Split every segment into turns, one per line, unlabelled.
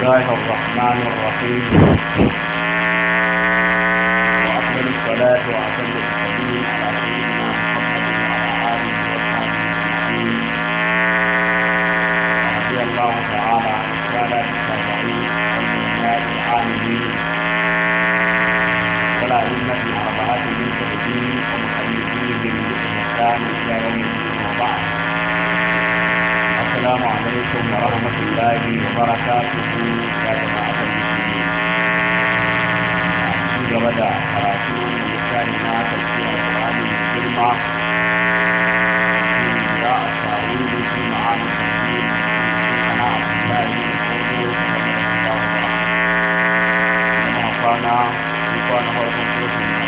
الله الرحمن الرحيم وأفضل الصلاة وأفضل التسليم على سيدنا محمد وعلى آله وصحبه أجمعين رضي الله تعالى عن السادة التابعين والعلماء العاملين
والأئمة الأربعة المنتهبين ومخلفين بالإحسان إلى يوم الدين السلام عليكم
ورحمة الله وبركاته يا جماعة المسلمين شو بدأ قراءته لساننا تفسير القرآن الكلمة قراءة تعويض في معاني التفسير أنا عبد الله بن سعود رحمه الله وبركاته أنا أخوانا أخوانا هو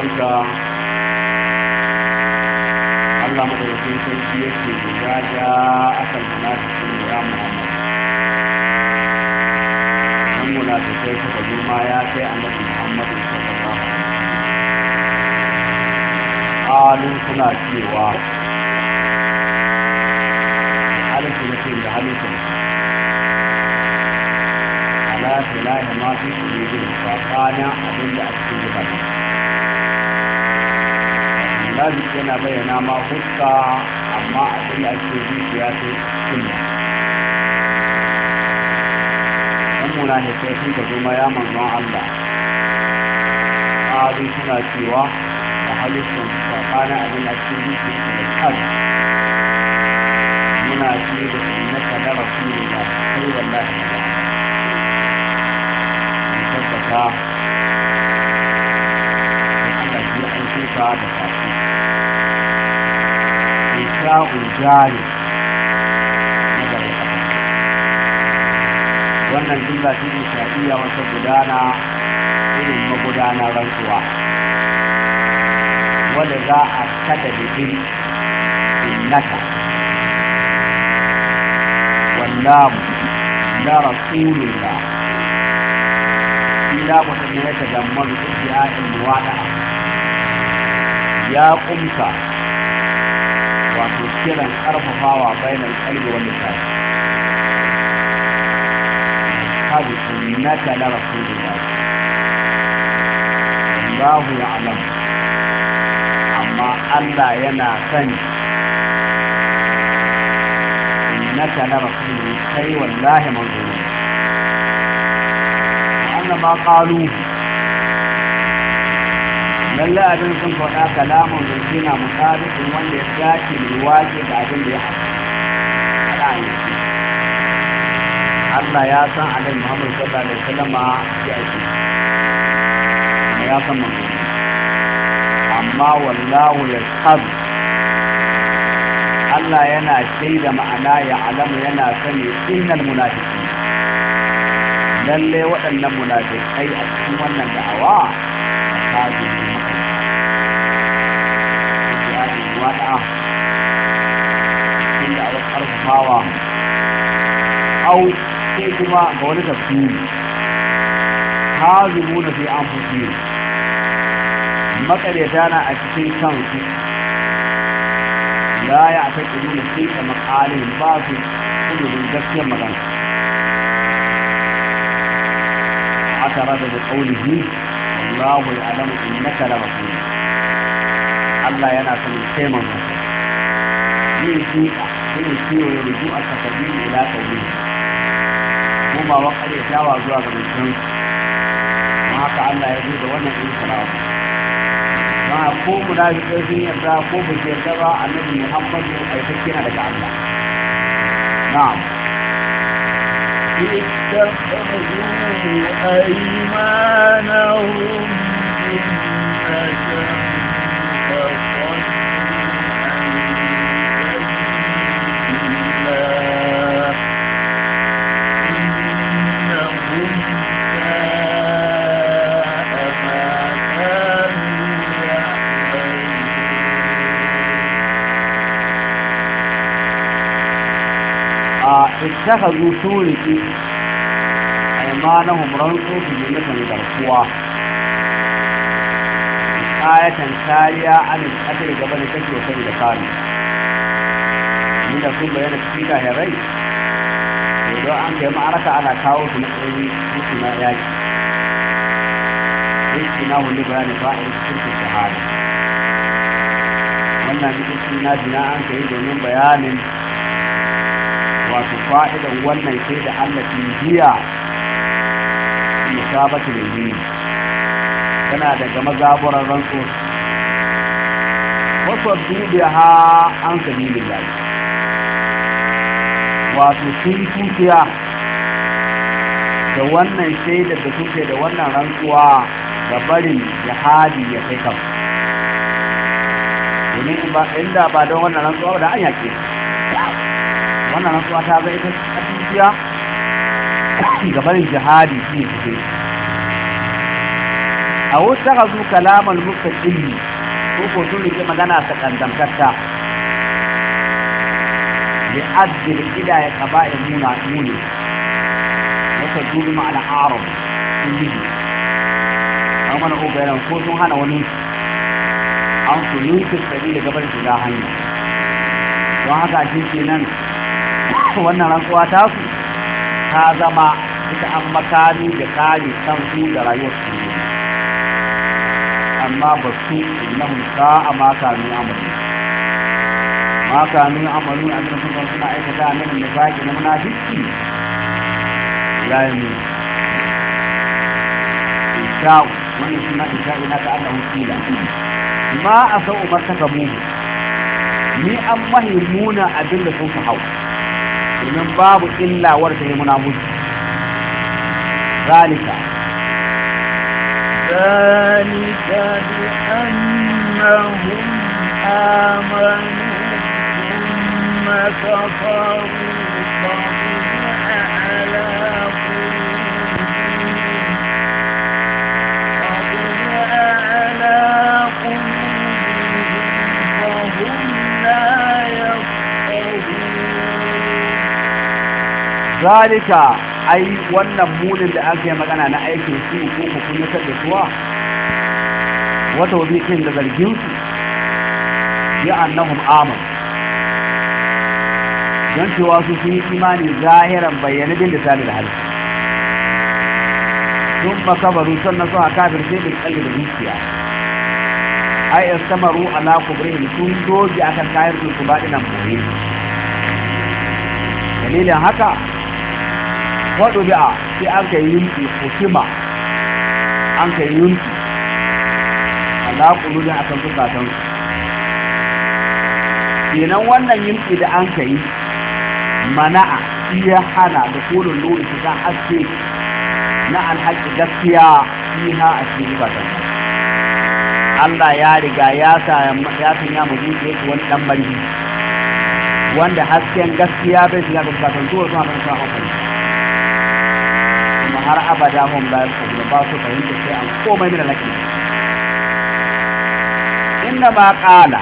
roƙonka Allah madaukakin sarki yake ya ja akan munafikin ya Muhammad dan munafikai suka girma ya kai annabi Muhammad sallallahu alaihi wasallam suna cewa halin su yake da halin su ala filahi ma fi kulubin tsakanin abin abinda a cikin zubanin malik yana bayyana ma huska amma abin da ake zuciya ta sunna dan muna ne kai sun ka zoma ya manzon Allah ƙari suna cewa da halittun tsakanin abin da ake zuciya da kan muna ce da sunnata da rasulullah sai ne tabbata Allah ya aike da kafin insha'u jari wannan jumla ce insha'iyya wata gudana irin magudanar rantsuwa wadda za a kada bikin innaka wallahu la rasulillah ila mutum ya tagammalu ibti'a'il muwada'a ya kumsa wato kiran karfafawa bayan kalbi wanda ta hadu sunna ta la rasulullah Allahu ya'lam amma Allah yana sani innaka la rasulullah kai wallahi manzuru anna ma qalu lalla abin sun faɗa kalamun zance na musabiqin wanda ya dace mai waƙe da abin da ya faɗa a yanzu Allah ya san alai Muhammadu sallallahu alaihi wasallam ya aiki kuma ya san manzo amma wallahu yashhad Allah yana shaida ma'ana ya alamu yana sani innal munafiqin lalle waɗannan munafiqai a cikin wannan da'awa girmamawa au sai kuma ga wani tafsiri hazimu na fi an fusi makareta na a cikin kansu la ya ta ƙiru na sai da makalin ba su kudurin gaskiyar magana aka rada da ƙaunihi wallahu ya alamu in na kala Allah yana sanin sai manzansa yin fiƙa sai ya ce ya rubu a kasabi ila kabi kuma wa kare tawa zuwa ga mutum ma haka Allah ya zo da wannan in salawa ma ko munafiqai sun yarda ko ba su yarda ba annabi Muhammad ya aikakke na daga Allah na'am اتخذوا أيمانهم
جنة
ittakhadhu suriki aymanahum ranqu fi jannatan garkuwa ayatan kariya an asiri gaba da kake wa da kare ni da kun bayyana cikin kahirai idan an kai ma'araka ana kawo su matsayi musu na yaki yake na hulli bayani fa'il cikin shahada wannan cikin na jina an kai domin bayanin wato fa'idan wannan sai da Allah ke biya musabatu da yi tana daga mazaburan ransu wasu dubiya ha an da yi wato sun tukiya da wannan shaidar da suke da wannan rantsuwa ga barin jihadi ya kai kan domin inda ba don wannan rantsuwa da an yake su wannan rantsuwa ta zai ita tafiya gaban jihadi shi ne kuke a wuta ka zu kalamar muka ilmi ko ko sun rike magana ta kandantarta da addir ida ya kaba ya muna muni ta dubi ma al'arab sun yi an mana obayaran ko sun hana wani an su yi kusurari da gabar shiga hanyar don haka shi ke nan wannan rantsuwa ta su ta zama ita an makami da kare su da rayuwar su amma ba su na hulka a kanu amalu ma amalu an da sun suna aikata a nan zaki na munafiki yayin insha'u wannan suna insha'u na ta Allah kila ma asau martaka mu ni an mahimuna abin da sun hau يعني من باب إلا ورثه منابوس ذلك
ذلك لأنهم آمنوا ثم كفروا
zalika ai wannan munin da aka yi magana na aikin su ko ku kunyatar da suwa wata wabikin da zargin su ya annahum aman don cewa su sun yi imani zahiran bayyana bin lisani da halittu sun makabaru sannan suna kafir sai da kalli da zuciya ai istamaru ala sun doge akan kayan su ba dinan dalilin haka waɗo da sai an ka yi yunfi hukima an ka yi yunfi ala ƙulu da akan zukatan kenan wannan yunfi da an ka yi mana'a iya hana da kolin lori su ta haske na alhaƙi gaskiya fiha a cikin zukatan Allah ya riga ya sa ya sanya mu zuciya wani ɗan marji wanda hasken gaskiya bai shiga da zukatan zuwa zuwa marasa hankali mu har abada ba su yaqulu ba su fahimta sai an komai mina laki inna ma qala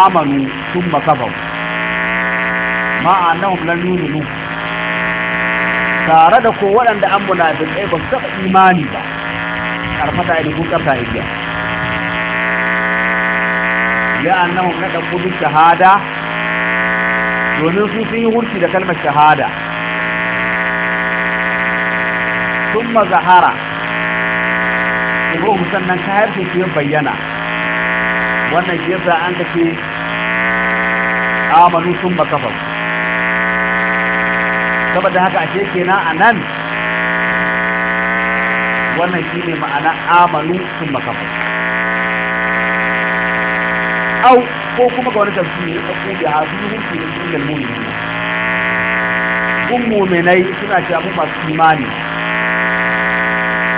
amanu thumma kafaru ma annahum lam yu'minu tare da ko waɗanda an munafiqai ba su taɓa imani ba karfata ne kun kafa igiya ya annahum naqulu shahada domin su sun yi hurci da kalmar shahada sun mazahara ruhu sannan ka harshe ke bayyana wannan shi yasa an kace amanu sun makafa saboda haka ashe kenan a nan wannan shi ne ma'ana amanu sun makafa au ko kuma ga wani tafsiri ya ɗauko da hasu hukunci da sunan mummuni kun suna cewa mu masu imani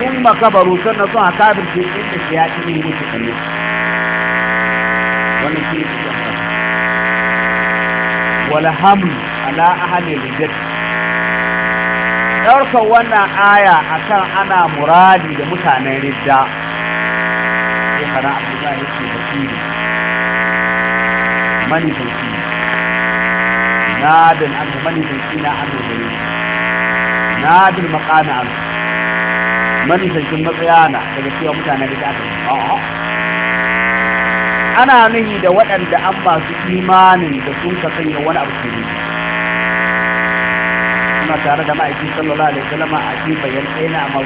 sun makabaru sannan sun a kafirce da shi ya ɗi ne mutu kalle wannan shi ne wala hamlu ala ahli rijat ɗaukar wannan aya akan ana muradi da mutanen ridda sai fara abdullahi yake ne, mani basiri nadin an mani basiri na an dogare nadin maqana an manisancin matsayana daga cewa mutane da aka ana nuhi da waɗanda an masu imanin da sun ka sanya wani abu ke kuma tare da ma'aiki sallallahu alaihi wasallam a cikin bayan tsaye amma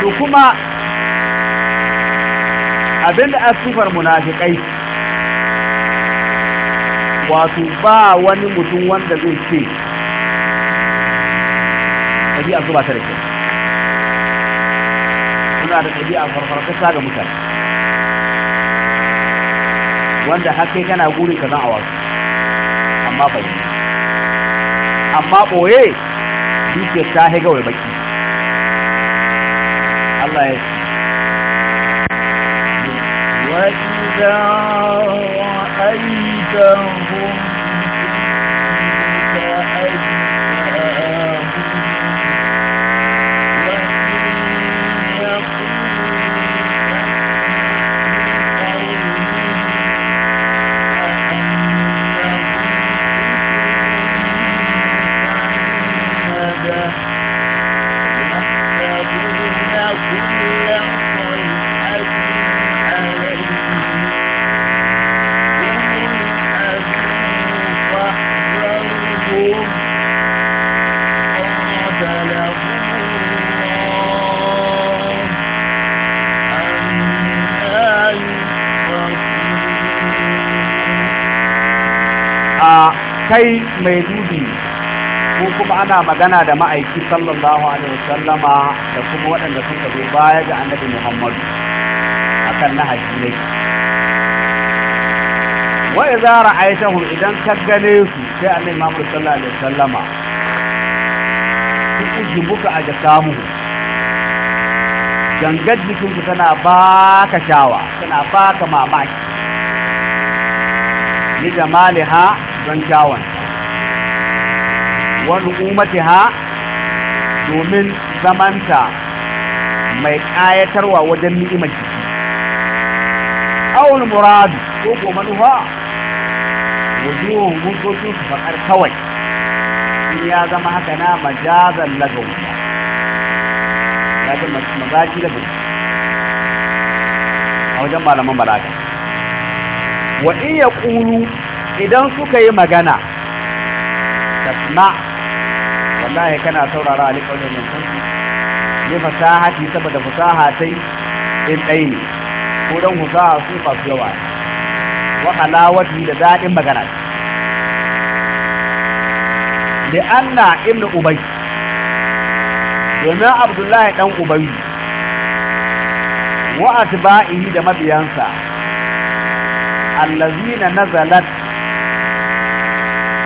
to kuma abinda asufar munafiqai wato ba wani mutum wanda zai ce ɗabi'a su ba ta da kyau suna da ɗabi'a farfarfasa ga mutane wanda haka kana guri ka zan a wasu amma bai amma ɓoye ke ta haiga wai baki Allah ya ce
وإذا رأيتهم
mai dubi ko kuma ana magana da ma'aiki sallallahu alaihi wasallama da kuma waɗanda sun zo baya ga annabi muhammadu akan nahaji ne wa idza ra'aytahu idan ka gane su sai annabi muhammadu sallallahu alaihi wasallama ku ujibuka a samu. gangar jikinku tana baka shawa tana baka mamaki ni jamaliha don kyawanta wani ha domin zamanta mai ƙayatarwa wajen ni'imar jiki awul muradu ko ko manufa Wajen hukuncin su faɗar kawai in ya zama haka na majazan lagawuya ya ga mazaji da gudu a wajen malaman balaga wa iya ƙulu idan suka yi magana tasma wallahi kana saurara alƙawlin min kuntu ne fasahati saboda fasaha fasahatai in ɗaya ne ko don fasaha su masu yawa wa halawati da daɗin magana da anna ibnu ubay domin abdullahi dan ubay wa atba'ihi da mabiyansa allazina nazalat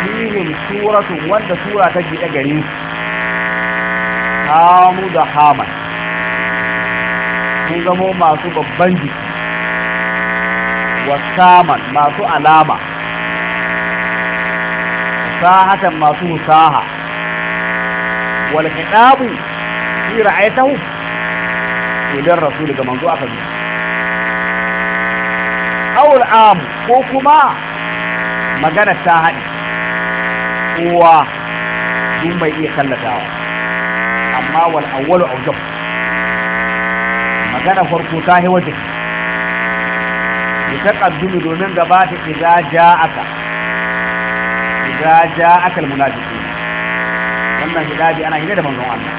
alaihim suratun wanda sura ta gida gare su hamu da haman sun zamo masu babban jiki wasaman masu alama sahatan masu musaha wal hidabu fi ra'aytahu ila rasul ga manzo aka zo aw am ko kuma magana ta hadi kowa duk mai iya tallatawa amma wal awwalu awjab magana farko ta yi wajen ita kaddumu domin gabata aka, ja'aka idza ja'aka almunafiqun wannan hidabi ana hidda da manzon Allah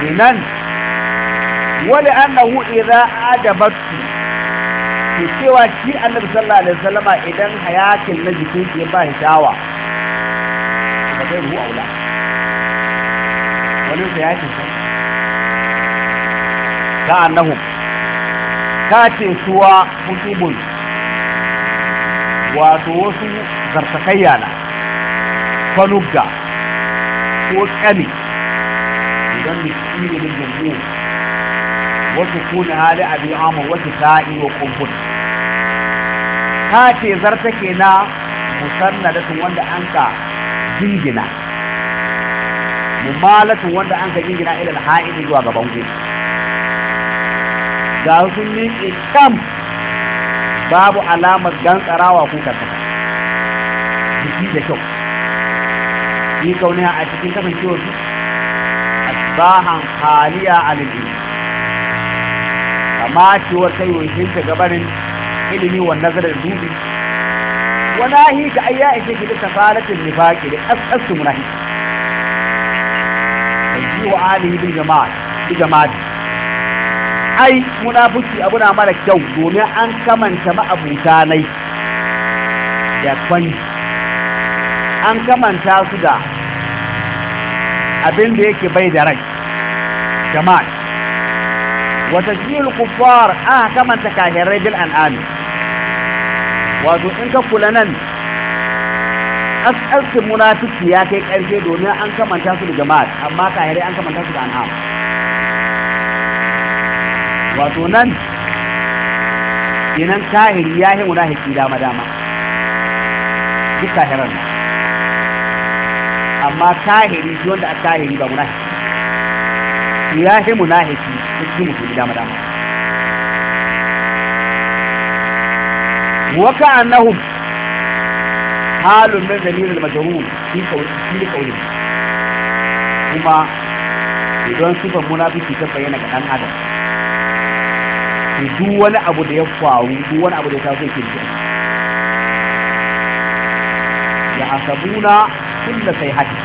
kenan wali annahu idza ajabatku ke cewa shi annabi sallallahu alaihi wasallam idan hayakin na jikin shi ba shi shawa ba zai ruwa aula wani sa ya ce ka annahu ka ce suwa hukubun wato wasu zartakayya na fanugga ko kani idan shi ne da wasu kuna hali abin amur wasu sa'i wa kumbun ha ce zarta ke na musannadatun wanda an ka jingina mumalatun wanda an ka jingina ilal ha'idi zuwa gaban ku ga sun miƙe kam babu alamar gantsarawa ko karkata jiki da kyau yi kauni a cikin kasancewar su asbahan haliya alilmi kama ciwar kai wai gabanin ilimi wa nazarar dubi wa nahi ga ayya ake gida kafalatin nifaki da asasu munahi ji wa alihi bil jama'a bil jama'a ai munafiki abu na mara kyau domin an kamanta ma abuta nai da kwani an kamanta su da abin da yake bai da rai jama'a wata الكفار اه كما تكاهر kahirai bil wato in ka kula nan asalin munafiki ya kai ƙarfe domin an kamanta su da jama'a amma kahirai an kamanta su da an'am wato nan kenan Tahiri ya yi munafiki dama dama duk kahirar nan amma kahiri shi wanda a kahiri ba munafiki ya yi munafiki duk mutum dama dama وكأنهم حال من ضمير المجهول في قول في قوله كما idan sifan munafiki ta bayyana ga dan adam to duk wani abu da ya faru duk wani abu da ya taso yake da ya asabuna kullu sayhati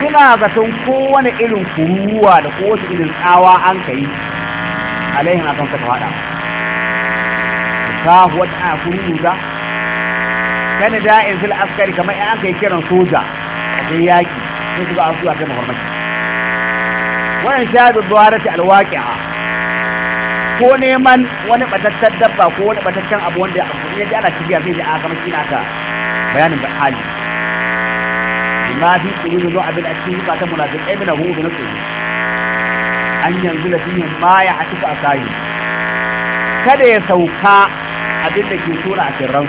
suna zaton kowane irin kuruwa da kowace irin tsawa an kai alaihin akan ka ta fada wata a kuruza kana da in fil askari kamar in aka yi kiran soja a kai yaki sai su ga asu akai mahormaki wannan ta zuwarati alwaqi'a ko neman wani batattar dabba ko wani batattar abu wanda ya amfani ne da ana kibiya sai a aka shi naka bayanin da hali bima fi qulubi zo abin cikin ba ta munafiqai min hu bin qulubi an yanzu da fiye ma ya cikin akai kada ya sauka abin da ke tura a sirran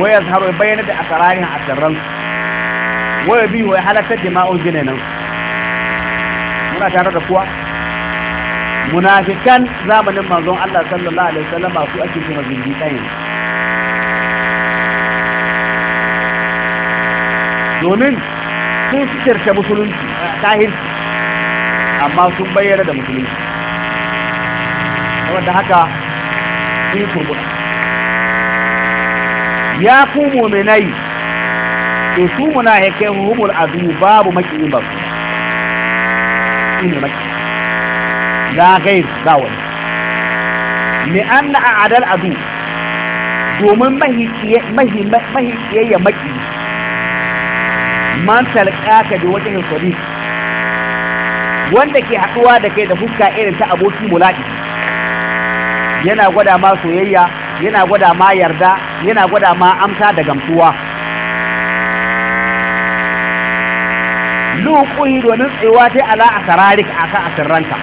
waya zaro bayyana da asararin a sirran waya biyu wai halatta jima'un nan muna tare da kuwa munafikan zamanin manzon Allah sallallahu alaihi wasallam su ake kuma zindiƙai domin sun sirce musulunci tahir eh, amma sun bayyana da musulunci saboda haka min ya ku mu'minai to su munafikai humul azu babu makiyin ba su maki la gair ba wani me na a'adal azu domin ya maki man talqaka bi wajhin sadiq wanda ke haɗuwa da kai da fuska irin ta aboki mulaki yana gwada ma soyayya yana gwada ma yarda yana gwada ma amsa da gamsuwa luƙuhi domin tsayuwa ta ala a sararik a kan asirranka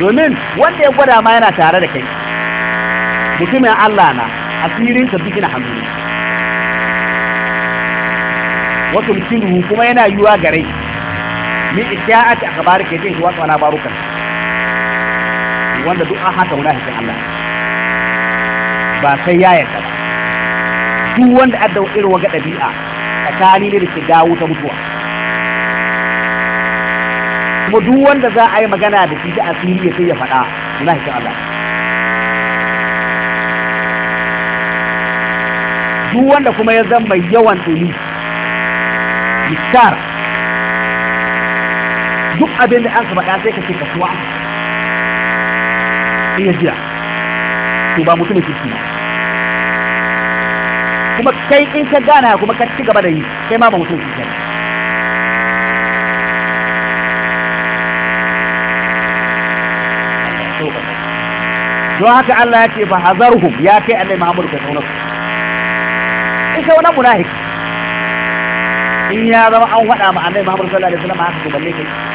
domin wanda ya gwada ma yana tare da kai mutumin Allah na asirin duk bikin hannu wasu mutum kuma yana yiwuwa gare ni isha'ati akhbarika yake shi wasu tsana barukan wanda duk an haka munafikin Allah ba sai ya yarda ba duk wanda adda irin waga dabi'a tsakani ne da dawo ta mutuwa kuma duk wanda za a yi magana da shi da asiri ya sai ya faɗa munafikin Allah duk wanda kuma ya zama yawan tsoli yikar duk abin da an ka faɗa sai ka ce ka suwa in ya jira to ba mutumin kirki kuma kai in ka gana kuma ka ci gaba da yi kai ma ba mutumin kirki ne don haka Allah ya ce fa hazarhum ya kai Allah Muhammadu ka tsauna su in kai wani munafiki in ya zama an faɗa ma Allah Muhammadu sallallahu alaihi wasallam haka to balle kai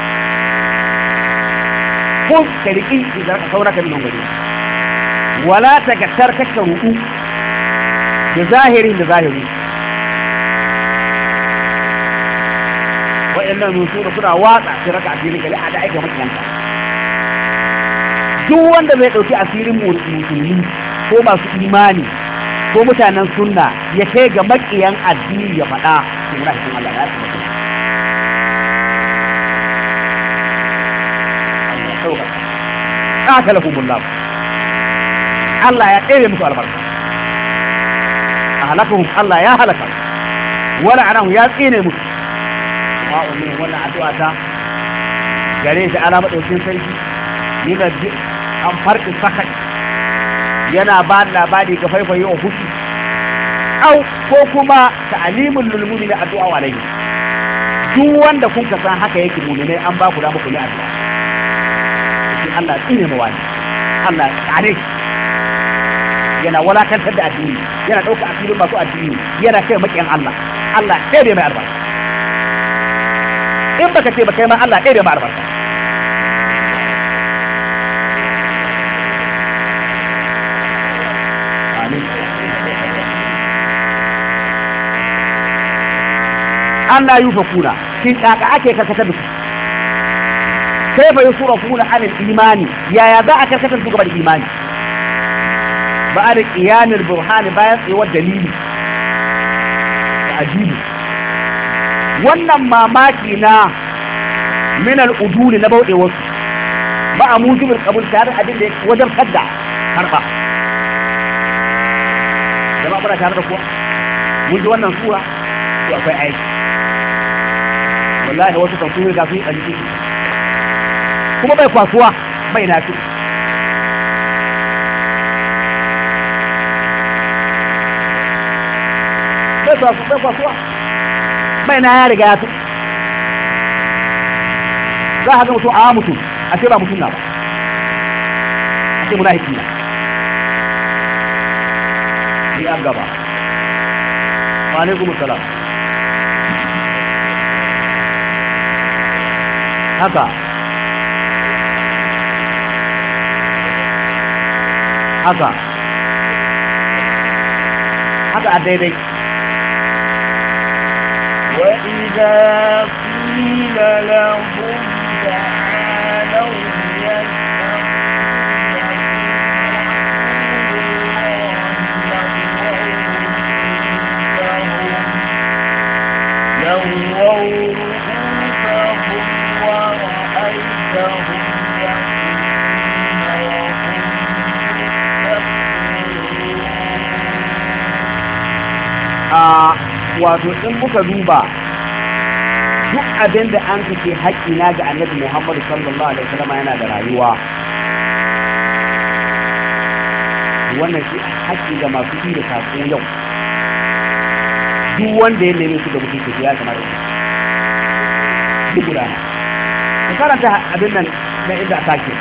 kun ka riƙi idan ka saurata min minan gari wala ta gasar kakka ruku da zahiri da zahiri wa'annan nusu da suna watsa su raka asirin gari a da aika makiyanta duk wanda zai ɗauki asirin musulmi ko masu imani ko mutanen sunna ya kai ga makiyan addini ya faɗa su muna cikin Allah ya ɗauka qatalahumullah Allah ya ɗebe musu albarka ahlakahum Allah ya halaka wala anahu ya tsine musu wa'u ne wannan addu'a ta gare shi alama ɗaukin sarki yana an farkin sakai yana ba labari ga faifayi a hutu au ko kuma ta'alimin lulmumi na addu'a alaihi duk wanda kun san haka yake muminai an ba ku da muku ne addu'a Allah tsine mawa Allah tsare yana walakantar da addini yana ɗauka a filin masu addini yana kai maƙiyan Allah Allah ɗaya bai mai albarka in baka ce baka yi ma Allah ɗaya bai mai albarka Allah yufa kuna kin kaka ake karkatar da su كيف يصرفون عن الإيمان يا يضعك كيف يصرفون عن الإيمان بارك إيان البرهان بايس هو الدليل عجيب ونما ماكينا من الأدول نبو إيوس بقى موجب القبول كهذا أدل لك وجب خدع هرقا لما أقول لك هذا الرفوع أن نصورة يأفعي والله هو ستنصور كافي أجيب kuma bai kwasuwa bai nafi bai kwasuwa bai na ya riga ya fi za a ga mutum a mutum a ce ba mutum na ba a ce muna hikina ni an gaba wa alaikum salam haka haka haka a daidai
وإذا
wato in muka duba duk abin da an kace haƙƙina ga annabi Muhammadu sallallahu alaihi wasallam yana da rayuwa wannan shi haƙƙi ga masu yi da sako yau duk wanda ya nemi su da mutum ya kamar duk gudana ka karanta abin nan na inda a sake.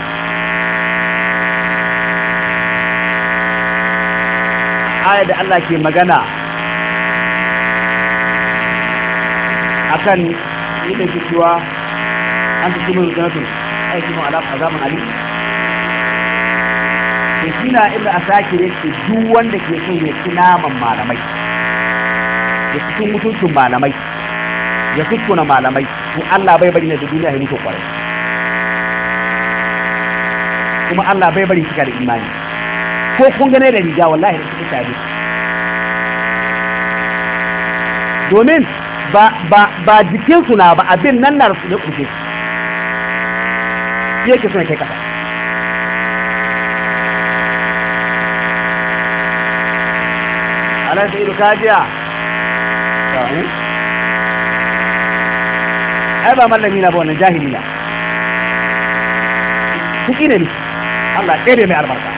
aya da Allah ke magana akan yi da ke cewa an ta kuma rukunatun aiki mun alaƙa a zaman ali da shi na inda a sake ne ke duk wanda ke son ya ci naman malamai ya cikin mutuncin malamai ya kuskuna malamai to Allah bai bari na da duniya ya mutu kwarai kuma Allah bai bari kika da imani ko kun gane da riga wallahi da kika tabi domin ba jikinsu na ba abin nan na rasu da ƙunshe shi yake suna kai kasa anan sai duka jiya ai ba mallami na ba wannan jahili na kuki ne ni Allah ɗaya mai albarka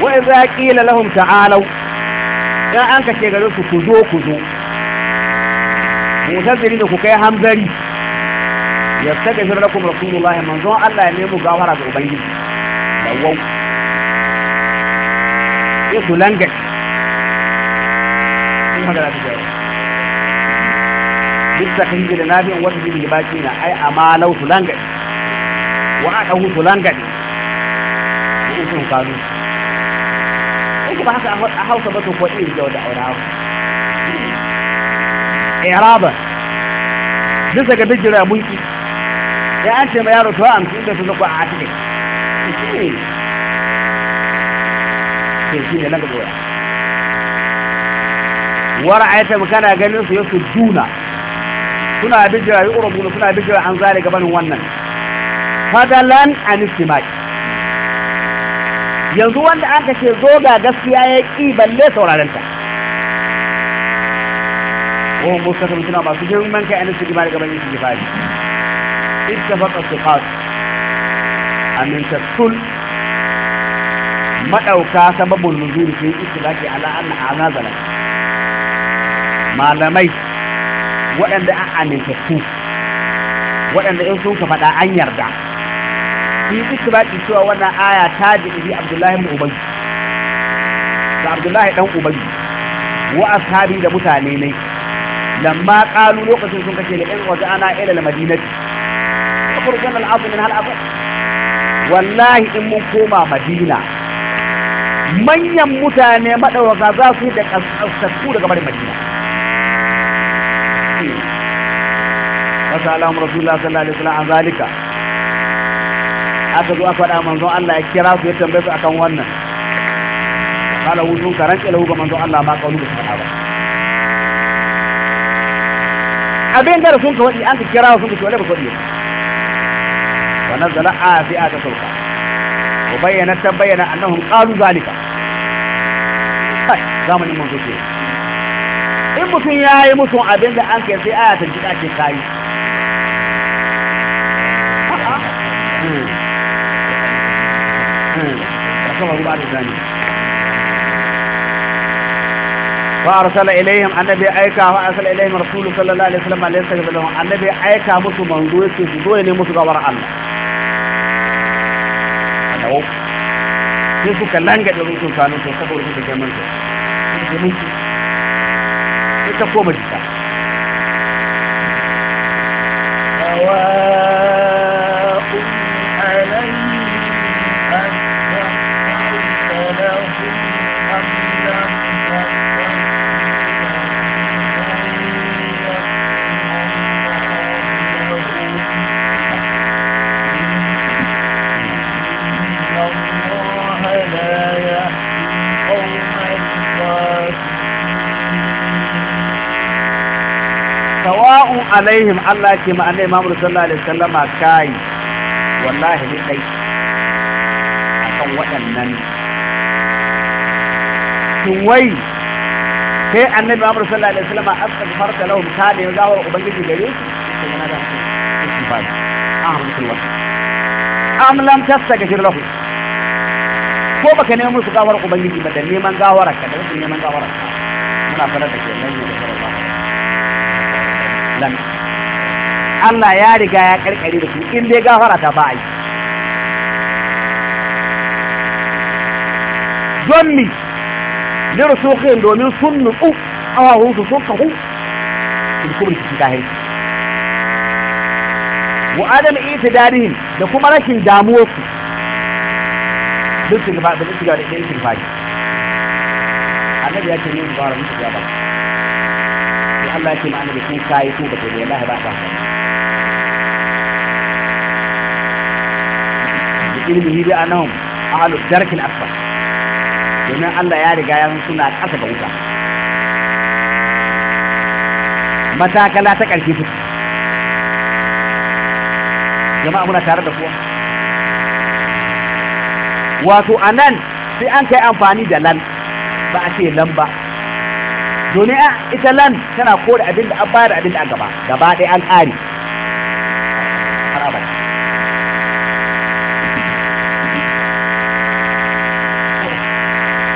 wa idza qila lahum ta'alu ya an ka ce gare su ku zo ku zo mutazili da ku kai hamzari ya saka zira lakum rasulullahi manzon Allah ya nemo gawara ga ubangiji dawau ya su langa in haka zafi jawo duk ta kan da nafi'in wata jini baki na ai amalau su langa wa aka hu su langa ne in sun kalu ba haka a hausa ba to kwaɗi da wata aure hausa iraba bisa ga bijira munki ya an ce ma yaro to amsi da su zakwa a cikin shi ne na gaba wara aita kana ganin su yasu juna suna bijira yi urabuna suna bijira an zare gabanin wannan fadalan an istimaki yanzu wanda aka ce zo ga gaskiya ya ƙi balle sauraren ta ko musa ta mutuna masu jirgin kai ainihin su gima daga bayan su gifari ittafaqa sifat amintattun maɗauka sababin nuzuri sun ittifaqi ala a nazara malamai waɗanda an amintattu waɗanda in sun ka faɗa an yarda su yi itibaki cewa wannan aya ta jiɗi Abdullahi ibn Ubay da Abdullahi dan Ubay wa ashabi da mutane ne lamma qalu lokacin sun kace da in waja'ana ila al-madinati akhrujan al-asr min hal-asr wallahi in mun koma Madina manyan mutane madawaka za su yi da kasasku daga barin Madina فسألهم رسول الله صلى الله عليه وسلم عن aka zo aka faɗa manzon Allah ya kira su ya tambaye su akan wannan kala wutun karan kilahu ga manzon Allah ma kaulu da sahaba abin da sun ka wadi an ka kira su su wale ba kodi wa nazala afi'a ta sauka wa bayyana tabayyana annahum qalu zalika zamanin manzo ke in mutum ya yi musu abin da an kai sai aya ta jida kayi hmm kama ruwa da zani fa arsala ilayhim annabi aika fa arsala ilayhim rasulu sallallahu alaihi wasallam alayhi sallam annabi aika musu manzo yake su zo ne musu gawar Allah dawo sai suka langa da rukun sanu to saboda su da gaman su ta koma alaihim Allah ke ma annai Muhammad sallallahu alaihi wasallama kai wallahi ni kai akan waɗannan tun wai kai annabi Muhammad sallallahu alaihi wasallama astaghfarta lahum ka da yawar ubangiji gare su yana da istighfar ahmadul wasa am lam tastaghfir lahu ko baka nemi musu gawar ubangiji ba da neman gawara ka da neman gawara ka muna fara da ke nan ne da sallallahu nan Allah ya riga ya karkare da su in dai gafara ta ba a yi don mi lirsukin domin sun nutsu awahunsu sun kahu ilkumin cikin kahirci wa adam itidarihim da kuma rashin damuwarsu duk su gaba da su gaba da ɗaya su gaba annabi ya ce ne ba gaba Allah ce ma'ana bikin kayi ko ba kai wallahi ba ba ilmihi bi annahum ahlu darkil asfal domin Allah ya riga ya suna ƙasa ga wuta matakala ta ƙarshe su jama'a muna tare da kuwa wato a nan sai an kai amfani da lan ba a ce lan ba domin ita lan tana kore abin da an baya da abin da an gaba gaba ɗaya an ƙare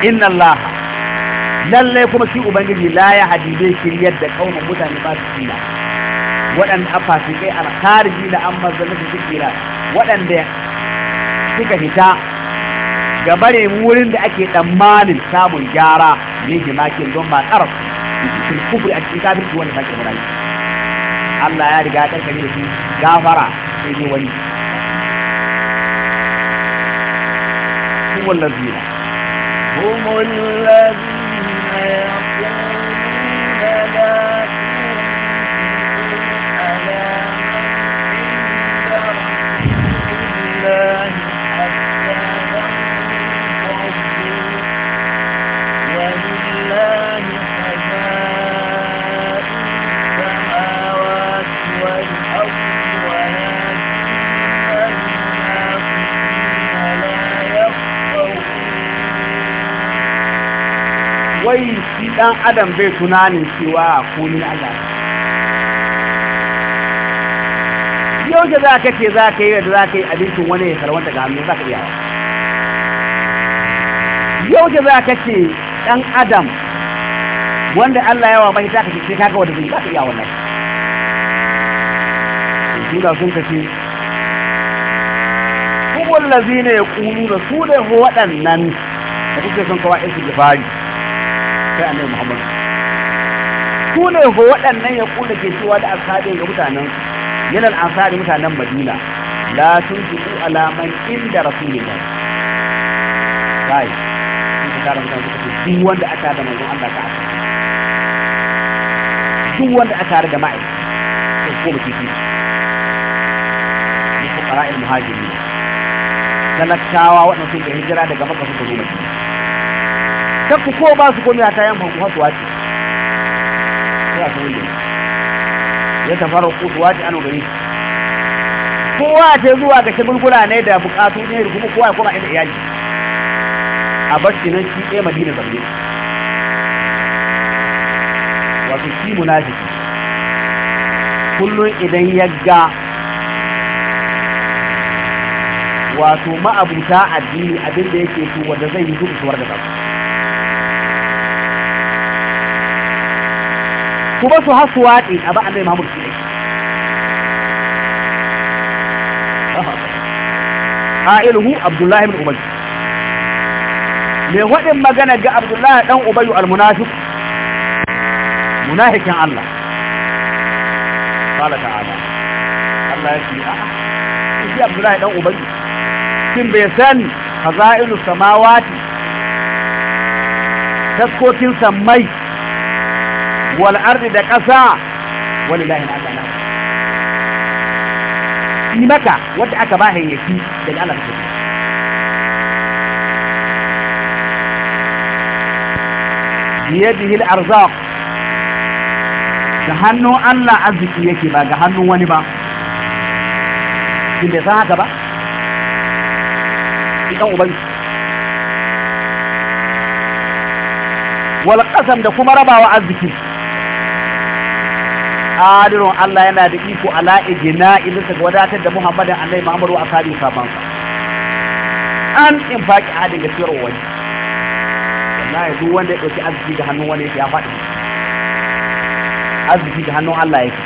inna Allah lalle kuma shi ubangiji la ya hadibe shiryar da kaunin mutane ba su kila waɗanda a fasikai alkhariji da an mazalin su kila waɗanda suka fita ga bare wurin da ake tsammanin samun gyara ne jimakin don ba ƙarfi fil kufri a cikin kafirci wanda sake murayi Allah ya riga ya karkare da shi gafara sai dai wani هم الذين
هم الذين يقولون
dan adam bai tunanin cewa ni Allah yau da za ka ce za ka yi da za ka yi abincin wani ya salwanta daga hannu za ka iya yau da za ka ce dan adam wanda Allah yawa bai ta kace sai kaga wanda zai za ka iya wannan su da sun kace kuma lazina ya kulu da su da waɗannan da kuke sun kawai su gifari kai annabi Muhammad su ne waɗannan ya kula ke cewa da ashabi ga mutanen yalan ansari mutanen Madina la sun ala alaman inda rasulillah kai sun ka tara mutane suka ce duk wanda aka da manzo Allah ka aka duk wanda aka da ma'aikata ko mutum ne ko qara'il muhajirin talakawa waɗanda suka hijira daga Makka suka Madina kakku ko ba su komai a kayan fanku hasu wace ya tafara ko ce wace gari gare kowa ta zuwa ga shagulgula ne da bukatu ne kuma kowa ya kuma inda iyali a bashi nan shi ɗaya madina zaune wato shi munafiki kullum idan ya ga wato ma'abuta addini abin da yake so wanda zai yi duk suwar da su. ku ba su hasu waɗi a ba annabi Muhammad su Qailuhu Abdullah ibn Ubay Me wadin magana ga Abdullah dan Ubay al-munafiq munafikin Allah Qala ta'ala Allah ya ce a'a shi Abdullah dan Ubay kin bai san hazailu samawati taskokin sammai wal ardi da ƙasa walillahi na aka Ni maka wadda aka ba hayyaki daga Allah take biyadihi al-arzaq da hannun Allah arziki yake ba ga hannu wani ba kin san haka ba idan uban wal qasam da kuma rabawa arziki qadirun Allah yana da iko ala ijna ilisa ga wadatar da Muhammadin Annabi Muhammadu a kare saban an in faki hadin da sirrin wani wallahi duk wanda ya dauki arziki ga hannun wani ya faɗi arziki ga hannun Allah yake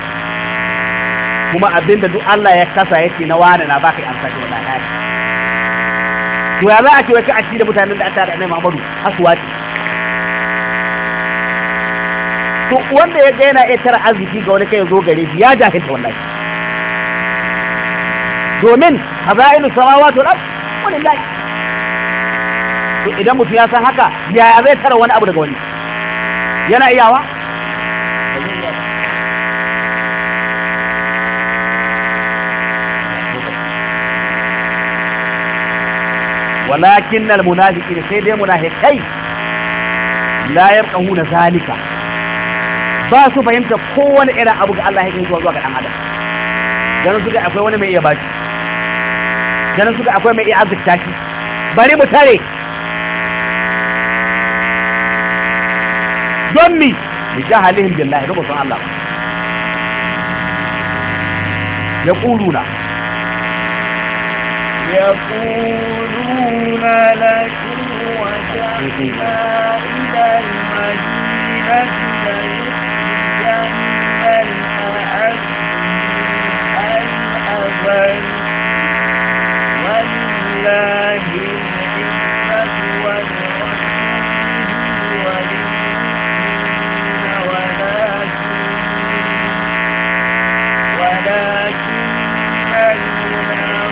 kuma abinda duk Allah ya kasa yake na wani na baka an shi wallahi to ya za a ce wai ka da mutanen da aka da Annabi Muhammadu har wanda ya ga yana iya tara arziki ga wani kai zo gare shi ya jahilta wallahi domin haba'ilu samawati wal ard walillahi to idan mutum ya san haka ya zai tara wani abu daga wani yana iyawa walakin al munafiqin sai dai munafiqai la yabqahuna zalika ba su fahimta kowane irin abu ga Allah yake zuwa zuwa ga dan adam ganin suka akwai wani mai iya baki ganin suka akwai mai iya azurta shi bari mu tare don mi bi jahalihim billahi rubu san Allah ya kuluna
ya kuluna la shirwa ta ila al-madinati ولله العزة ولرسوله وللمؤمنين ولكن ولكن لا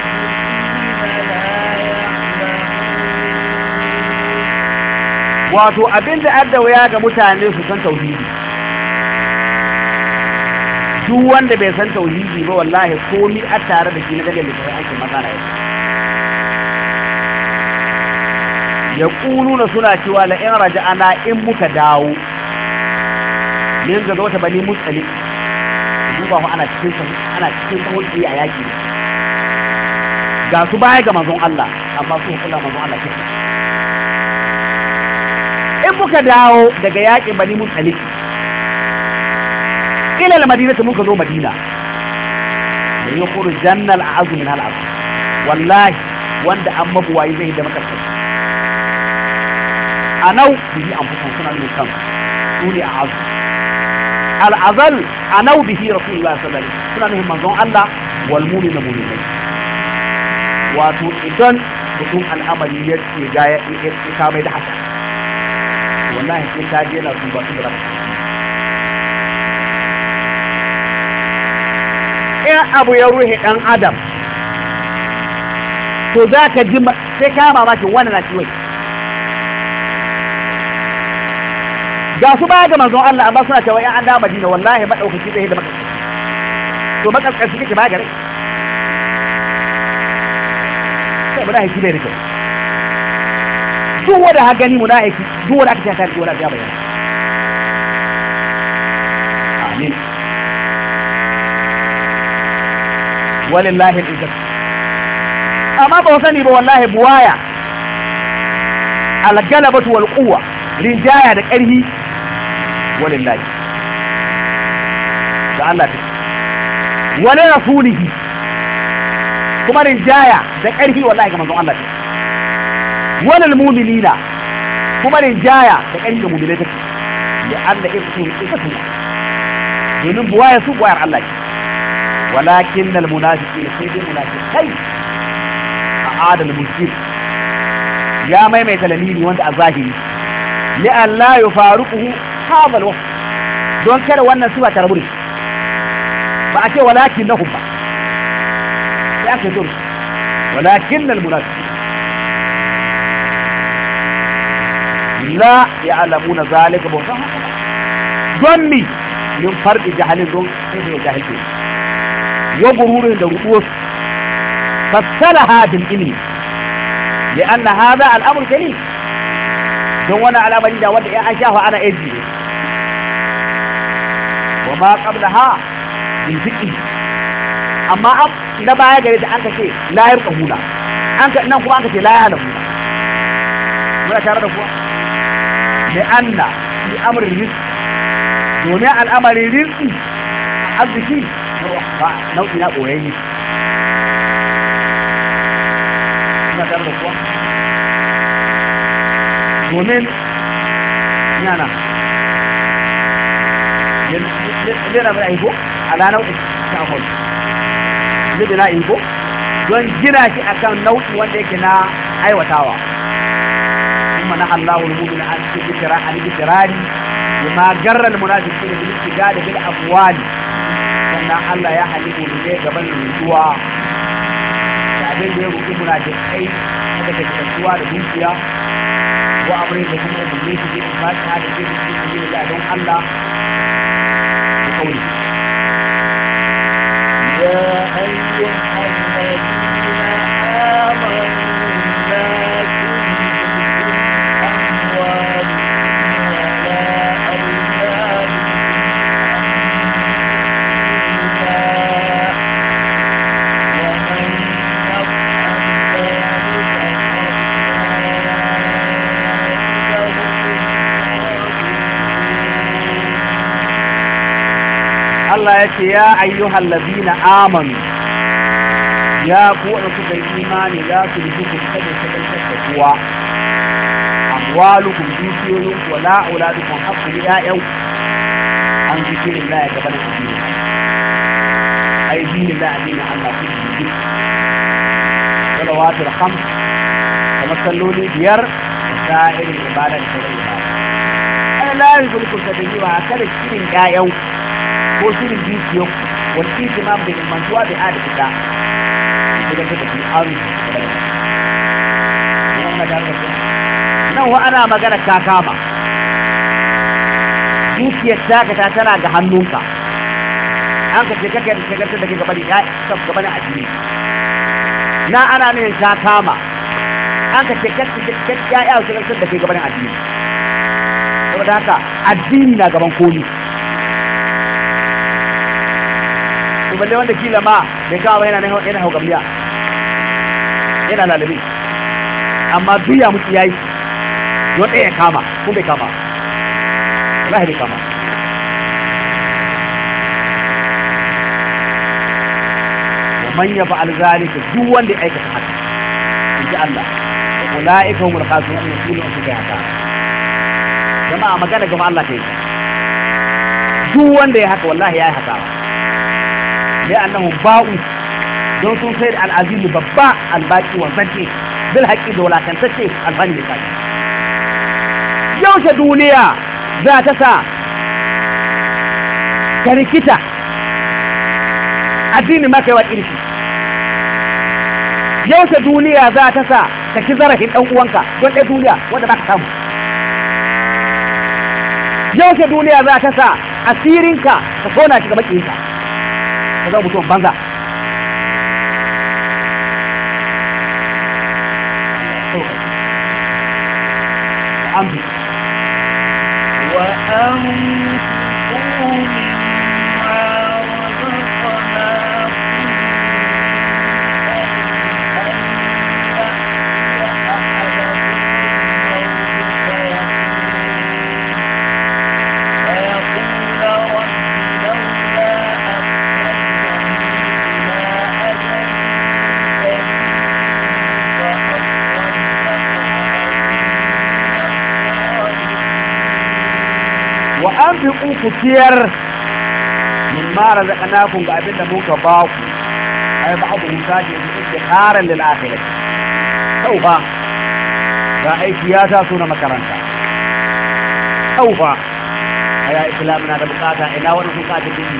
wato abin da addawa ya ga mutane su san tauhidi duk wanda bai san tauhidi ba wallahi komi a tare da shi na daga littafin aikin matsala ya na suna cewa la in raja ana in muka dawo min ga wata bani mutsali duba ku ana cikin ana cikin sahun a yaki ga su baya ga manzon Allah amma su kula manzon Allah ke in muka dawo daga yakin bani mutsali إلى المدينة ممكن ذو مدينة يخرج جنة الأعز من هالعز والله وأنت أما بواي زي ده مكسر أنا به أنفسهم صنع من الكم قولي أعز الأذل أنا به رسول الله صلى الله عليه وسلم سنة من منظوم الله والمؤمن مؤمن وتؤذن idan الأمل al'amari ya ce ga ya kama da haka wallahi in abu ya ruhe ɗan adam to za ka ji sai ka mamaki wani na ciwai ga su baya ga manzon Allah amma suna cewa in an da Madina wallahi madaukaki zai da maka to maka kashi kake baya gare sai ba da hiki bai rike duk wanda ha gani munafiki duk wanda aka ta ta duk wanda ya bayyana amin walillahi al-izzat amma ba sani ba wallahi buwaya al-galabatu wal quwwa rinjaya da ƙarhi walillahi da Allah ta wani rasulihi kuma rinjaya da ƙarfi wallahi ga manzon Allah ta wani mu'minina kuma rinjaya da ƙarfi ga mu'minai take ya Allah ya fi su ne domin buwaya su buwayar Allah ce walakin al munafiqin sai dai munafiqai a adal mushrik ya maimaita lamiri wanda a zahiri li Allah ya faruquhu hadha al waqt don kada wannan sifa ta rubuce ba a ce walakin lahum ba sai aka yi walakin al munafiqin la ya'lamuna bautan haka don mi don sai wa gururin da ruɗuwar fassala hadin ilmi da an na haza al'amur gani don wani al'amari da wanda ya an wa ana yanzu ne wa ma qabla ha bin fiqi amma na baya gare da an ka ce la an ka nan kuma an ka ce la yahlafuna muna tare da kuwa an na. fi amrin rizqi domin al'amarin a arziki ba nau'i na ɓoyayye ina tare da kuwa domin yana yana bai aiko ala nau'i shahon zai na aiko don gina shi a kan nau'i wanda yake na aiwatawa kuma na Allahu al na an tuqira an bi tirari bima garra al-munafiqina bil ibtigadi bil amwali sannan Allah ya halibu ne zai gaban zuwa da abin da ya rubu muna da kai daga tattatuwa da dukiya ko amrin da kuma da ne shi da ba ta da shi da shi da don Allah da kauli
ya ayyuhan
Allah ya ce ya ayyuhal ladina amanu ya ku da kuka yi imani la ku da kuka kada ku kai da kuwa amwalukum dukiyoyin ku wala auladukum haqqu li ya'u an zikirin la ya gaba da kuɗi ai dinin la adina Allah ku ji salawatul khams kamar salloli biyar da sa'irin ibada da sauran ibada ai la yuzulku tadbiwa kada kirin ya'u ko shirin dukiyo wani titi ma bai mantuwa bai adi fita idan ka tafi aru nan wa ana magana ka kama dukiyar taka ta tana ga hannunka an ka ce kake da shagarta da ke gabani ya gabani a jini na ana ne ta kama an ka ce kake ya ya shagarta da ke gaban addini saboda haka addini na gaban koli balle wanda kila ma bai kawo yana yana haukamliya yana lalabi amma duya mutu yayi don ɗaya kama kun bai kama wallahi bai kama wa man yafa'al zalika duk wanda ya aikata haka ji Allah ulaika humul khasirun an yusulu an tuka haka jama'a magana gama Allah kai duk wanda ya haka wallahi ya yi hasara da ya annahun ba'u don sun sayar al'azizu babba albaki wanzance bil haƙi da ce albani da yau yaushe duniya za ta sa ka rikita addini maka yawa yau yaushe duniya za ta sa ka ki zarafin ɗan uwanka don ɗaya duniya wanda ba ka samu yaushe duniya za ta sa asirinka ka kona shi ga maƙiyinka ka za mutum banza وأنفق an fi ku ciyar min mara da kanakun ga abin da mun ka ba ku ai ba abu mun sake su ke karan lil akhirah taufa ga aiki ya taso na makaranta taufa aya islam na da bukata ina wani sun kaje kudi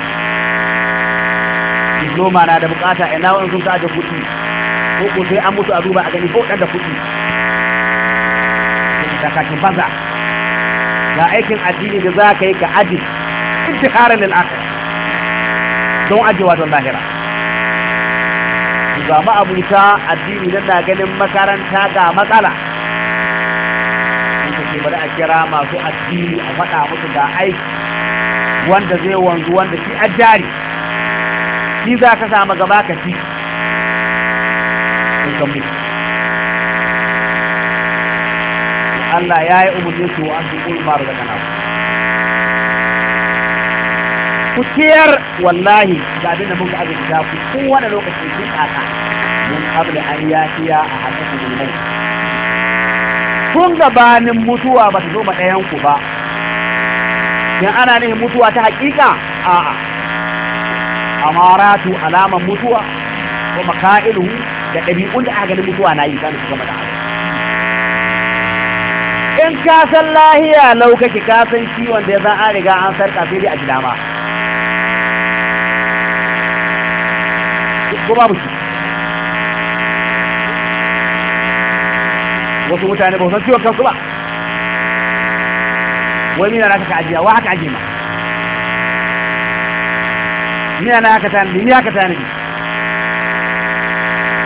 diploma na da bukata ina wani sun kaje kudi ko ko sai an mutu a duba a gani ko dan da kudi da kake baza ga aikin addini da za ka yi ka aji intihara lil akhir don ajewa don lahira ga ma'abuta addini na da ganin makaranta ga matsala in ka bari a kira masu addini a faɗa musu ga aiki wanda zai wanzu wanda shi ajari shi za ka samu gaba ka ci in Allah ya yi umarni su wa an fi ulmar da kana ku ciyar wallahi ga abin da mun ga abin da ku kowane lokaci ku tsaka mun kabla an yafiya a hannun zulmai kun gabanin mutuwa ba ta zo ma ɗayan ku ba yan ana ne mutuwa ta hakika a'a amaratu alaman mutuwa ko makailu da ɗabi'un da aka ganin mutuwa na yi kan su gama da in ka san lahiya lau kake ka san ciwon da ya za a riga an sarka sai dai a gida ma ko babu shi wasu mutane ba san ciwon kansu ba wai mina na ka ajiya wa haka ajiya ma mina na haka tanadi ni haka tanadi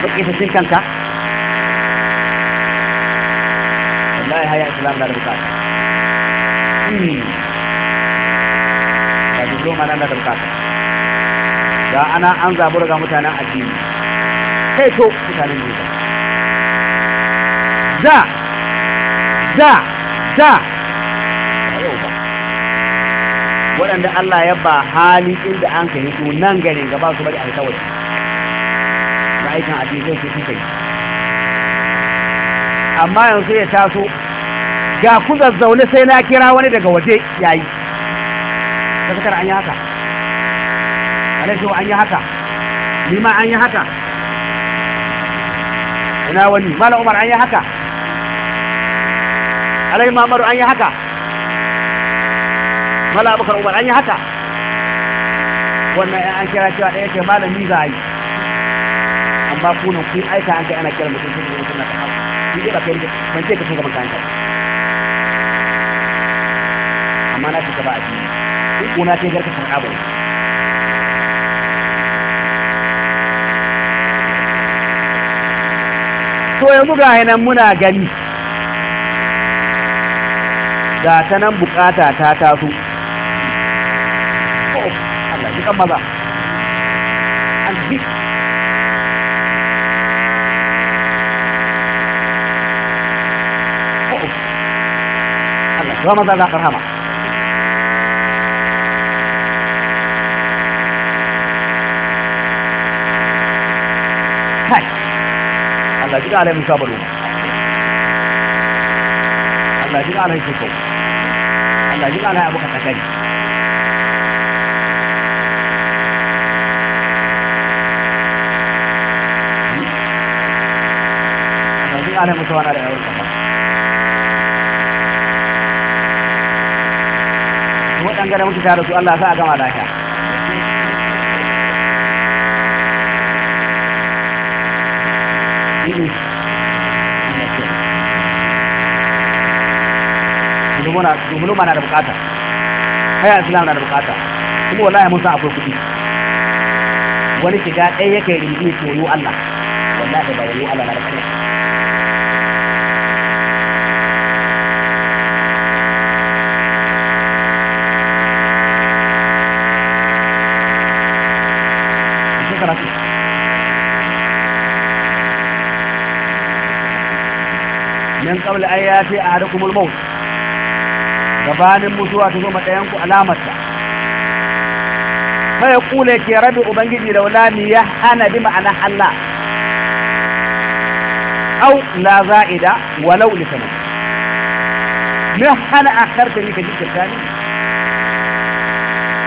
ba ƙi ta kanka la yahya islam da bukata da diploma nan da bukata da ana an zabura ga mutanen addini kai to mutanen ne da da da waɗanda Allah ya ba hali inda an kai hito nan garin gaba su bari alkawari ra'ayin addini zai su kai amma yanzu ya taso ga ku zazzaune sai na kira wani daga waje yayi da fitar an yi haka alaihi an yi haka nima an yi haka ina wani mala umar an yi haka alaihi mamaru an yi haka mala abubakar umar an yi haka wannan an kira cewa ɗaya ce malami za a yi amma kunan kun aika an kai ana kira mutum sun yi mutum na kamar shi ɗaya ba kai ban ce ka sun gaban kayan kai amana ta ba a kuna ta garka karɓa ba to yanzu ga yanan muna gani ga ta nan bukata ta taso oh, Allah ji kan maza an ji oh, oh. Allah ji maza za ka rahama kai Allah ji ƙalai musa balo Allah ji Allah ji abu ka Allah ji musa wani da yawon da mutu su Allah sa a gama lafiya addini ina ce domin na da bukata haya islam na da bukata kuma wallahi mun san akwai kuɗi wani shiga ɗaya yake rinji to yo Allah wallahi ba yo Allah na da kuɗi من قبل ايات اعدكم الموت غبان المسوى تزوم تينكو علامتها فيقول لك يا ربي أبنجي لولا ليهان بمعنى حلا أو لا زائدة ولو لسنة انا أخرت لك جيك الثاني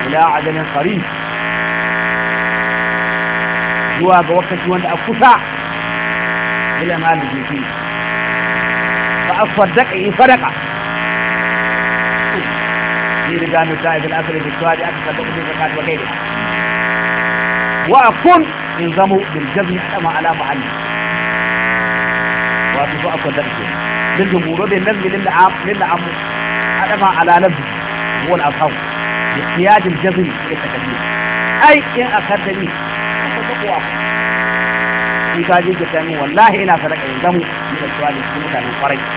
إلى عدل قريب جواب وقت وانت أفسع إلى ما لجيكيه الصدق صدقة في لجان الأسر في بالسؤال أكثر في زكاة وغيرها وأكون يلزم بالجزم كما على محله وأتصدق الصدق للجمهور بالنزم للعام للعام أدفع على نزم هو الأصحاب باحتياج الجزم للتكليف أي إن أخذني أصدق وأخذ في كاجي جتاني والله إنا صدق ينظم من السؤال السمكة من الفرق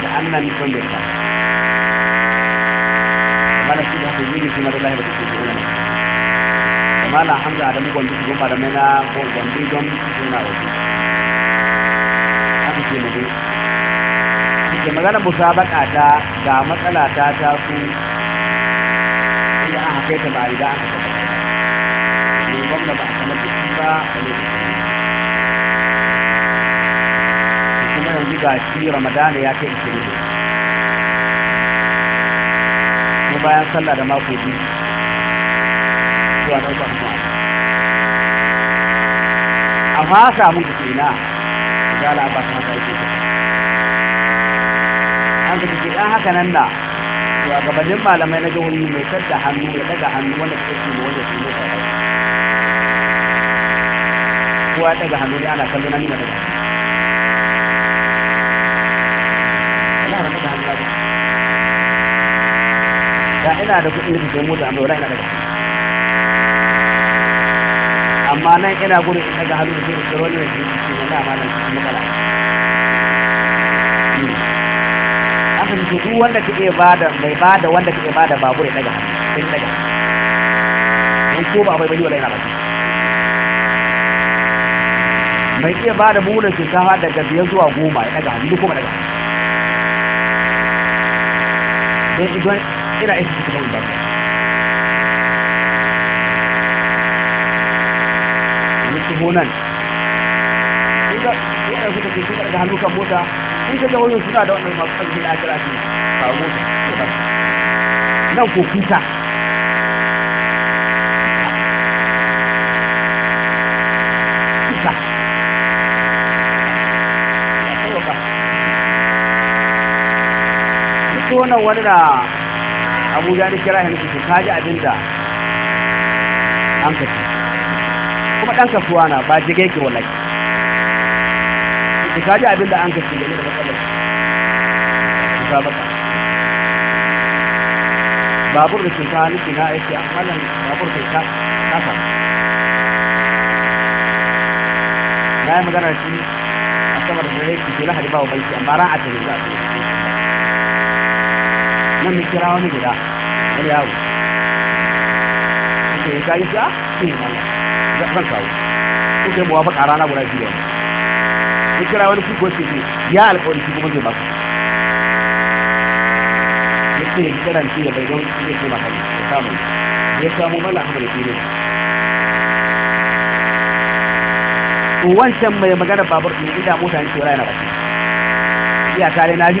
daga annan don mana shi da kuma yi shi ba ta ke da hamza adamu gwandu gumba da mena ko don suna wasu haka ke ke magana musabaka ta ga matsala ta ta su idan haka ta ba ta ba ne gwamna ba a sanar da shi ba a lokacin kuma yanzu ga shi ramadana ya kai ishirin da kuma bayan sallah da mako biyu zuwa na uku kuma amma haka mun ka ina ga al'abba ta haka yake an ka ce dan haka nan na to gabanin malamai na wani mai tadda hannu ya daga hannu wanda ta ce da wanda su ne ta kowa daga hannu ne ana kallon nan nuna daga hannu haramta da hannu ba da ina da kuɗin da ke mota amma wala ina da amma nan ina gudu in daga hannu da ke da wani da ke cikin wani amma nan cikin matsala hmm. aka ce duk wanda ka iya bada mai bada wanda ka iya bada babur ya daga hannu sai daga in ko ba bai bari wala ina ba mai iya bada buɗe shinkafa daga biyar zuwa goma ya daga hannu kuma ba daga don ina aiki su kuma ba ni su honan da hannu kan mota in ka suna da wannan masu ƙarfi da aka mota nan ko kuka wannan wani da abuja ni kira hin su kaji abinda an ka ci kuma dan kasuwa na ba jige ki wallahi ki kaji abinda an ka ci da matsalar su ka baka babur da kinta nufi na aiki a mallan babur kai ta kasa na yi magana shi a sabar da rai yi ke lahadi ba wa banki amma ran a tarihi za a nan na kira wani guda wani yaro ke ya kayi sa ke yi mana zan kawo ko kai mawa baka rana guda biyu ya kira wani kuka ce ne ya alƙawari shi kuma zai baka ya ce ya kira ce ya bai don zai ce maka ya samu ya samu mala hamar ya ne wancan mai magana babur ne ina mutane ne cewa yana baki iyaka ne na ji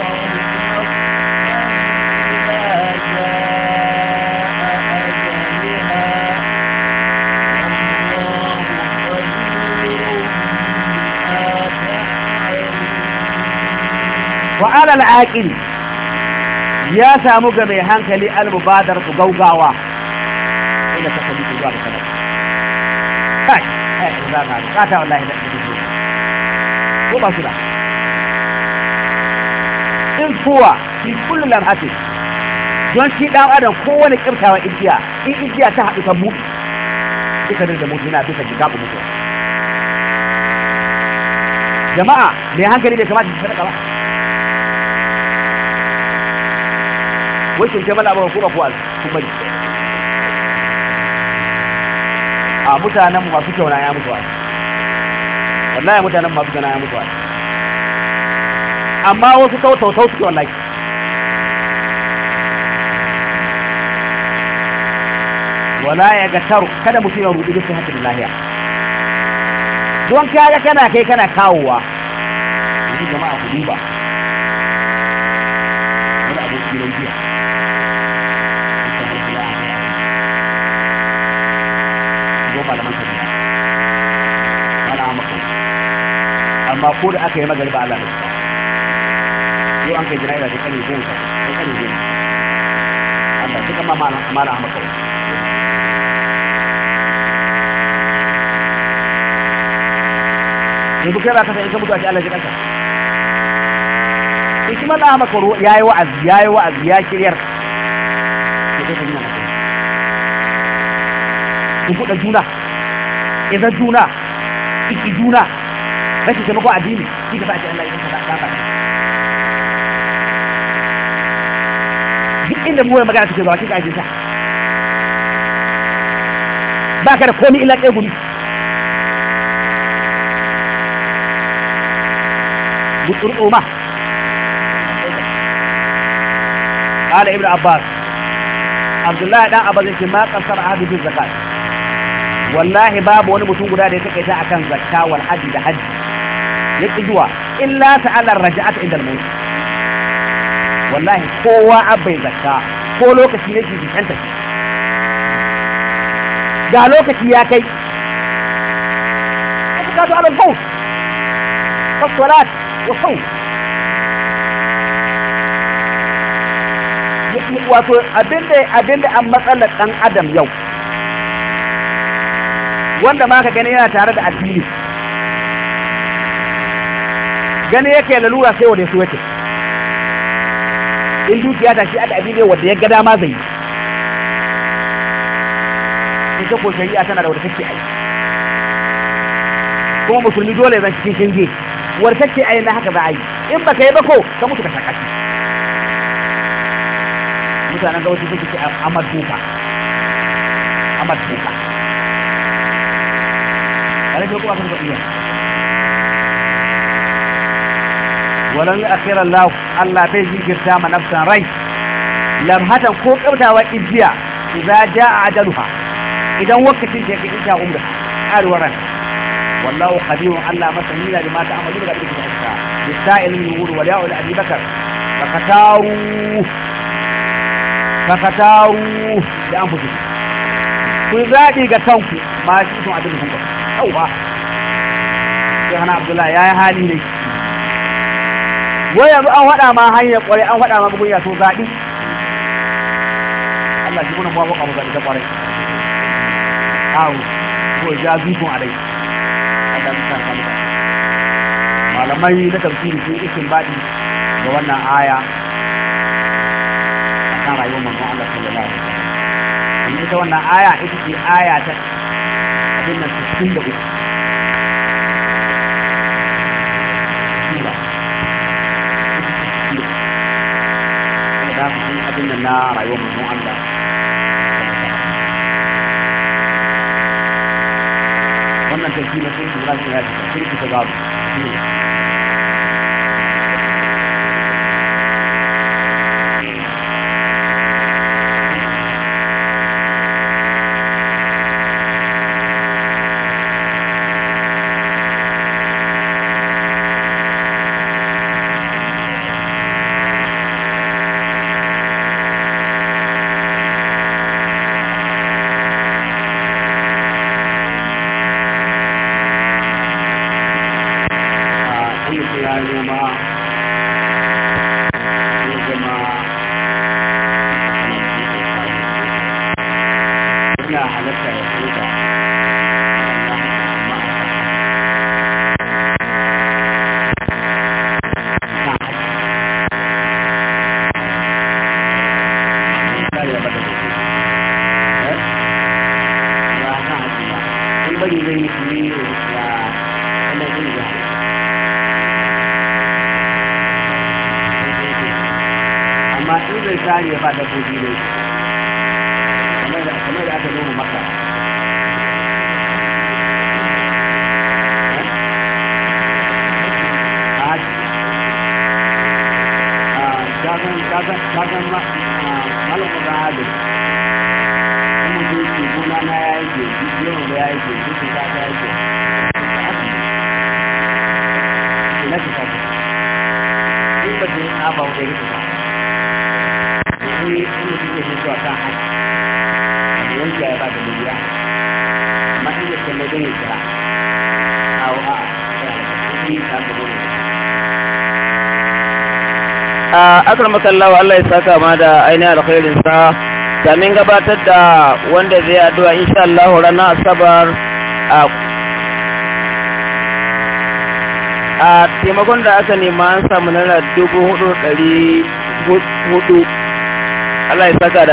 wa alal ya samu ga mai hankali al-mubadar ku gaugawa ina ka sabi ku zuwa ga sadaka kai ai za ka ka ta wallahi da kudi ko ba su da in kuwa fi kullu lamhati don shi ɗan adam kowane kirtawa igiya in igiya ta haɗu ta mutu duka da mutu yana bisa jiga mutu jama'a mai hankali bai kamata su sadaka ba wakil ta malaba kuma kuwa su bari a mutanen masu na ya mutu wallahi mutanen masu na ya mutu amma wasu tautautau suke wallahi wala ya ga taru kada mutum ya rubi da sihatin lahiya don kaga kana kai kana kawowa ni jama'a ku ba, wani abokin gidan jiya amma ko da aka yi ba Allah bai yau an kai jana'iza ta kare goma ta kare amma duk amma ma mara amma kawai yanzu kai ba ka san in ka mutu a eh, shi Allah shi kanka hikimar da ya yi wa'azi yi wa'azi ya kiryar ke kai jina ku buɗe juna idan juna iki juna rashin taimako addini shi ka sa Allah ya ka ba ba duk inda mu magana suke zuwa kika aje sa ba ka da komi illa kai gumi gutsuru ma قال ابن abbas abdullahi الله دان عباس yake ma kasar hadu zakat wallahi babu wani mutum guda da ya take ta akan zakka wal hadi da haji يجوا إلا فعل الرجعة عند الموت والله هو عبي ذكا قولوا كسي يجي في حنتك قالوا كسي يا كي أتكاتوا على الفوت والصلاة والصوم واتو أبند أبند أم مسألة أن أدم يوم وانا ما كان يا تارد أدميس gani yake lalura sai wanda su yake in dukiya ta shi a abin ne wanda ya ga dama zai in ta ko shari'a tana da wata kake ai kuma musulmi dole zan cikin shinge wata kake ai na haka za a yi in baka yi ba ko ka mutu ka saka shi mutanen gauci suke ce amad duka amad duka a rikin kuma sun faɗi yanzu walau yi akhirar lahu Allah bai jinkirta ma nafsan rai lamhatan ko kabtawa ijiya idan ja a ajaluha idan wakacin ta yake ta umra arwar ran wallahu qadirun Allah masani da ma ta amalu da kake ta bisa'il min wuri wa ya'ul abi bakar fakataru fakataru da an fushi ku zaɓi ga kanku ma shi sun abin da kanku yauwa sai hana abdullahi ya yi hali ne wai yanzu an haɗa ma hanyar ƙwarai an haɗa ma bugunya to zaɓi Allah shi gudun mawa mu zaɓi ta ƙwarai awu ko ja zikon a dai Allah mu malamai na tafsiri sun ikin baɗi ga wannan aya a kan rayuwar manzon Allah sallallahu alaihi wasallam ita wannan aya ita ce aya ta abin nan 63 na rayuwar mu Allah wannan tarki na sun tura shi ya ta kirki ta gaba ƙur'ani ya ba dabbobi ne kamar da aka noma maka kagan
kagan ma da hadu kuma zai ce gona na ya yi ke yawan da ya yi ke duk da ta yi ke ina ta ta in ba ta yi aba wata ya
akramaka Allah Allah ya saka ma da ainihin alkhairin sa kamin gabatar da wanda zai addu'a insha Allah ranar asabar a taimakon da aka nema an samu naira dubu
Allah ya saka da